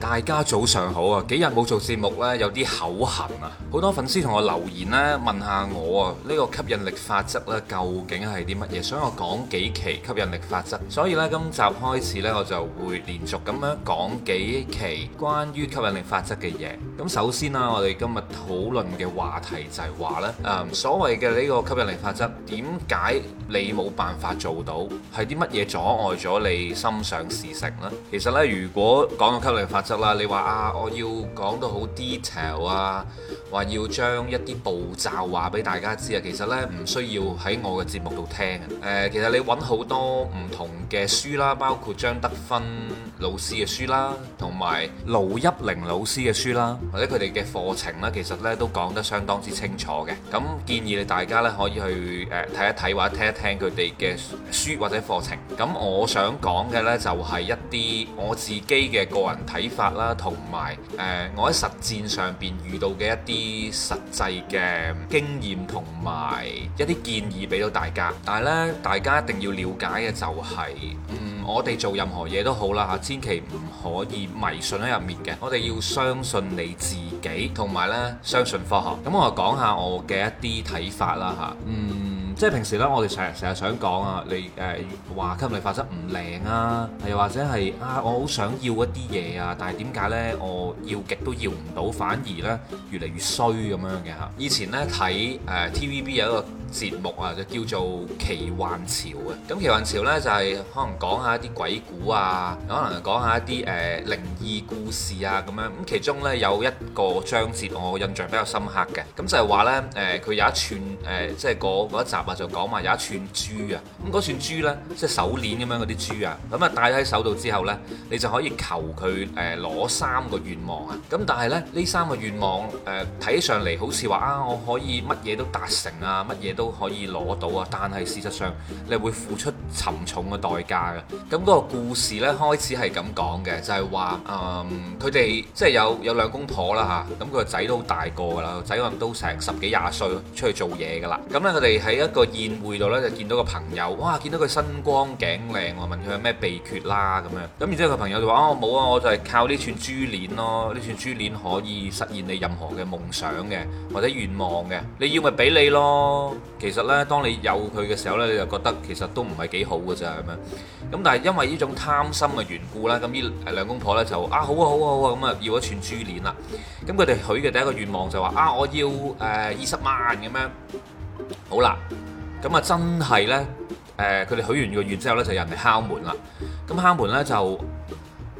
大家早上好啊！幾日冇做節目咧，有啲口痕啊！好多粉絲同我留言咧，問下我啊，呢個吸引力法則咧，究竟係啲乜嘢？所以，我講幾期吸引力法則，所以咧，今集開始咧，我就會連續咁樣講幾期關於吸引力法則嘅嘢。咁首先啦，我哋今日討論嘅話題就係話咧，誒所謂嘅呢個吸引力法則，點解你冇辦法做到？係啲乜嘢阻礙咗你心想事成咧？其實咧，如果講到吸引力法則，啦，你話啊，我要講到好 detail 啊，話要將一啲步驟話俾大家知啊，其實呢，唔需要喺我嘅節目度聽誒、呃，其實你揾好多唔同嘅書啦，包括張德芬老師嘅書啦，同埋盧一玲老師嘅書啦，或者佢哋嘅課程啦，其實呢，都講得相當之清楚嘅。咁建議你大家呢，可以去誒睇、呃、一睇或者聽一聽佢哋嘅書或者課程。咁我想講嘅呢，就係、是、一啲我自己嘅個人睇法。啦，同埋誒，我喺實戰上邊遇到嘅一啲實際嘅經驗同埋一啲建議俾到大家。但係咧，大家一定要了解嘅就係，嗯，我哋做任何嘢都好啦嚇，千祈唔可以迷信喺入面嘅。我哋要相信你自己，同埋咧相信科學。咁我講下我嘅一啲睇法啦嚇，嗯。即係平時呢，我哋成日成日想講啊，你誒話吸引力法則唔靚啊，又或者係啊，我好想要一啲嘢啊，但係點解呢？我要極都要唔到，反而呢，越嚟越衰咁樣嘅嚇。以前呢，睇誒 TVB 有一個節目啊，就叫做《奇幻潮》啊。咁《奇幻潮》呢就係可能講下一啲鬼故啊，可能講下一啲誒靈異故事啊咁樣。咁其中呢，有一個章節我印象比較深刻嘅，咁就係話呢，誒，佢有一串誒，即係嗰一集。就講嘛，有一串珠啊，咁嗰串珠呢，即係手鏈咁樣嗰啲珠啊，咁啊戴喺手度之後呢，你就可以求佢誒攞三個願望啊。咁但係呢，呢三個願望誒睇上嚟好似話啊，我可以乜嘢都達成啊，乜嘢都可以攞到啊。但係事實上，你會付出沉重嘅代價嘅。咁嗰個故事呢，開始係咁講嘅，就係話誒，佢哋即係有有兩公婆啦嚇，咁佢個仔都大個噶啦，個仔咁都成十幾廿歲出去做嘢噶啦。咁咧，佢哋喺一個個宴會度咧就見到個朋友，哇！見到佢身光頸靚，我問佢有咩秘訣啦咁樣。咁然之後個朋友就話：啊我冇啊，我就係靠呢串珠鏈咯，呢串珠鏈可以實現你任何嘅夢想嘅或者願望嘅，你要咪俾你咯。其實呢，當你有佢嘅時候呢，你就覺得其實都唔係幾好㗎咋。咁樣。咁但係因為呢種貪心嘅緣故啦，咁呢兩公婆呢就啊好啊好啊好啊，咁啊，好啊，好啊要一串珠鏈啦。咁佢哋許嘅第一個願望就話：啊我要誒、呃、二十萬咁樣。好啦。咁啊，真係呢？誒、呃，佢哋許完個願之後呢，就有人嚟敲門啦。咁敲門呢，就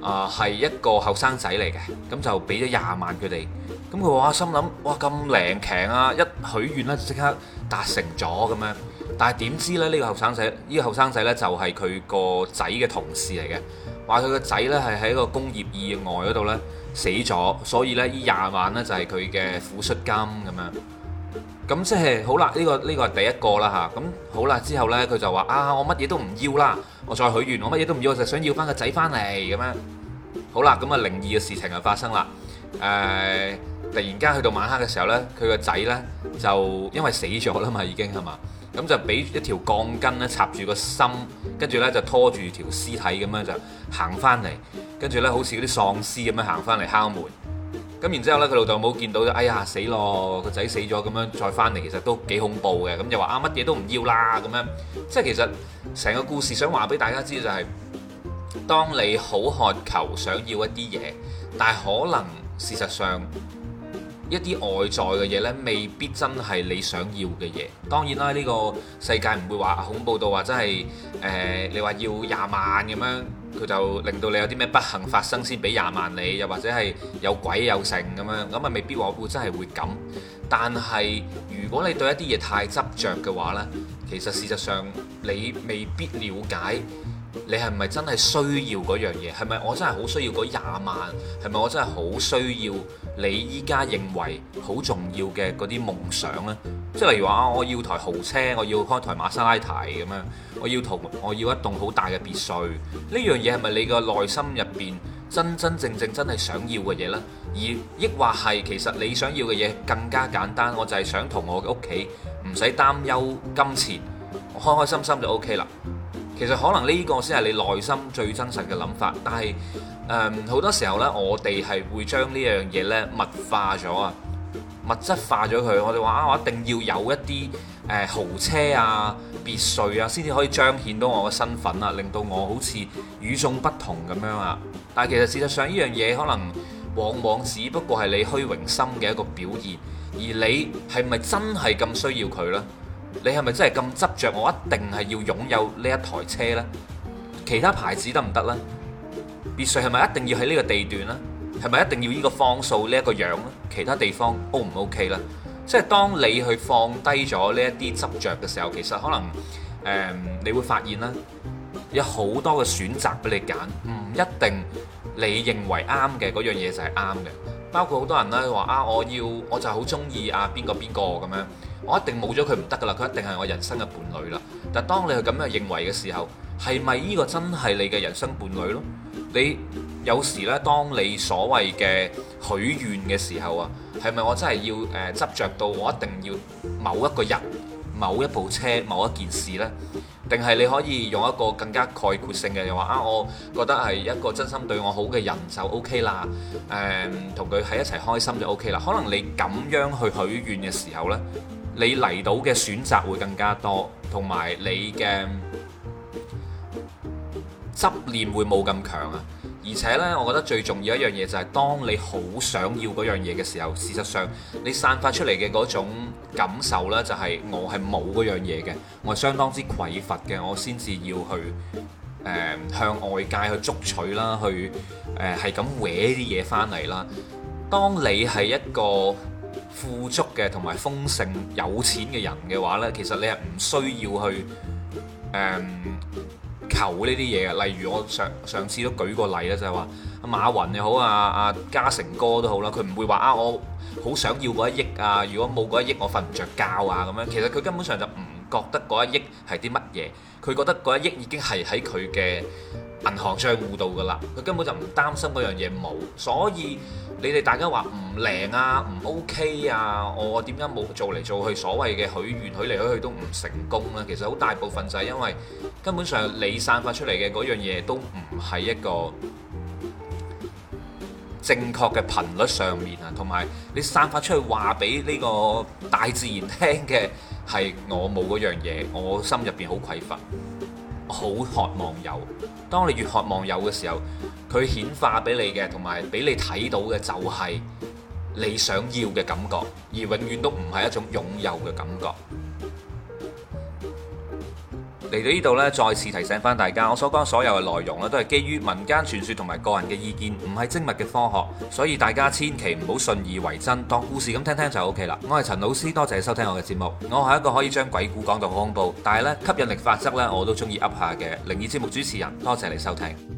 啊，係、呃、一個後生仔嚟嘅，咁就俾咗廿萬佢哋。咁佢話心諗，哇，咁靈強啊！一許願呢就即刻達成咗咁樣。但係點知呢？呢、呢個後生仔，呢、呢個後生仔咧就係佢個仔嘅同事嚟嘅，話佢個仔呢，係喺個工業意外嗰度呢，死咗，所以呢，呢廿萬呢，就係佢嘅撫恤金咁樣。咁即係好啦，呢個呢個係第一個啦吓，咁、啊、好啦，之後呢，佢就話啊，我乜嘢都唔要啦，我再許願，我乜嘢都唔要，我就想要翻個仔翻嚟咁樣。好啦，咁啊，靈異嘅事情就發生啦。誒、呃，突然間去到晚黑嘅時候呢，佢個仔呢，就因為死咗啦嘛，已經係嘛，咁就俾一條鋼筋咧插住個心，跟住呢就拖住條屍體咁樣就行翻嚟，跟住呢，好似嗰啲喪屍咁樣行翻嚟敲門。咁然之後呢，佢老豆母見到就，哎呀死咯，個仔死咗，咁樣再翻嚟，其實都幾恐怖嘅。咁就話啊，乜嘢都唔要啦，咁樣。即係其實成個故事想話俾大家知就係，當你好渴求想要一啲嘢，但係可能事實上一啲外在嘅嘢呢，未必真係你想要嘅嘢。當然啦，呢個世界唔會話恐怖到話真係，誒你話要廿萬咁樣。佢就令到你有啲咩不幸發生先俾廿萬你，又或者係有鬼有剩咁樣，咁啊未必話會真係會咁。但係如果你對一啲嘢太執着嘅話呢，其實事實上你未必了解，你係咪真係需要嗰樣嘢？係咪我真係好需要嗰廿萬？係咪我真係好需要你依家認為好重要嘅嗰啲夢想咧？即係例如話，我要台豪車，我要開台馬莎拉提咁樣，我要同我要一棟好大嘅別墅，呢樣嘢係咪你個內心入邊真真正正真係想要嘅嘢呢？而抑或係其實你想要嘅嘢更加簡單，我就係想同我嘅屋企唔使擔憂金錢，我開開心心就 OK 啦。其實可能呢個先係你內心最真實嘅諗法，但係誒好多時候呢，我哋係會將呢樣嘢呢物化咗啊，物質化咗佢。我哋話啊，我一定要有一啲誒豪車啊、別墅啊，先至可以彰顯到我嘅身份啊，令到我好似與眾不同咁樣啊。但係其實事實上呢樣嘢可能往往只不過係你虛榮心嘅一個表現，而你係咪真係咁需要佢呢？你係咪真係咁執着？我一定係要擁有呢一台車咧，其他牌子得唔得咧？別墅係咪一定要喺呢個地段咧？係咪一定要呢個方數呢一個樣咧？其他地方 O 唔 O K 咧？即係當你去放低咗呢一啲執着嘅時候，其實可能誒、呃，你會發現啦，有好多嘅選擇俾你揀，唔一定你認為啱嘅嗰樣嘢就係啱嘅。包括好多人咧，話啊，我要我就好中意啊邊個邊個咁樣，我一定冇咗佢唔得㗎喇，佢一定係我人生嘅伴侶啦。但係當你係咁樣認為嘅時候，係咪呢個真係你嘅人生伴侶咯？你有時呢，當你所謂嘅許願嘅時候啊，係咪我真係要誒、呃、執着到我一定要某一個人、某一部車、某一件事呢？定係你可以用一個更加概括性嘅，又話啊，我覺得係一個真心對我好嘅人就 OK 啦。誒、嗯，同佢喺一齊開心就 OK 啦。可能你咁樣去許願嘅時候呢，你嚟到嘅選擇會更加多，同埋你嘅執念會冇咁強啊。而且呢，我覺得最重要一樣嘢就係，當你好想要嗰樣嘢嘅時候，事實上你散發出嚟嘅嗰種感受呢，就係我係冇嗰樣嘢嘅，我係相當之匱乏嘅，我先至要去誒、呃、向外界去捉取啦，去誒係咁搲啲嘢翻嚟啦。當你係一個富足嘅同埋豐盛、有錢嘅人嘅話呢，其實你係唔需要去誒。呃求呢啲嘢例如我上上次都舉過例啦，就係話馬雲又好啊，阿嘉誠哥都好啦，佢唔會話啊，我好想要嗰一億啊，如果冇嗰一億我瞓唔着覺啊咁樣，其實佢根本上就唔覺得嗰一億係啲乜嘢，佢覺得嗰一億已經係喺佢嘅銀行賬戶度噶啦，佢根本就唔擔心嗰樣嘢冇，所以，你哋大家話唔靈啊，唔 OK 啊，我點解冇，做嚟做去所謂嘅許願許嚟許去都唔成功咧？其實好大部分就係因為根本上你散發出嚟嘅嗰樣嘢都唔係一個正確嘅頻率上面啊，同埋你散發出去話俾呢個大自然聽嘅係我冇嗰樣嘢，我心入邊好匱乏。好渴望有，當你越渴望有嘅時候，佢顯化俾你嘅，同埋俾你睇到嘅，就係你想要嘅感覺，而永遠都唔係一種擁有嘅感覺。嚟到呢度咧，再次提醒翻大家，我所講所有嘅內容咧，都係基於民間傳說同埋個人嘅意見，唔係精密嘅科學，所以大家千祈唔好信以為真，當故事咁聽聽就 OK 啦。我係陳老師，多謝你收聽我嘅節目。我係一個可以將鬼故講到好恐怖，但係咧，吸引力法則咧，我都中意噏下嘅靈異節目主持人，多謝你收聽。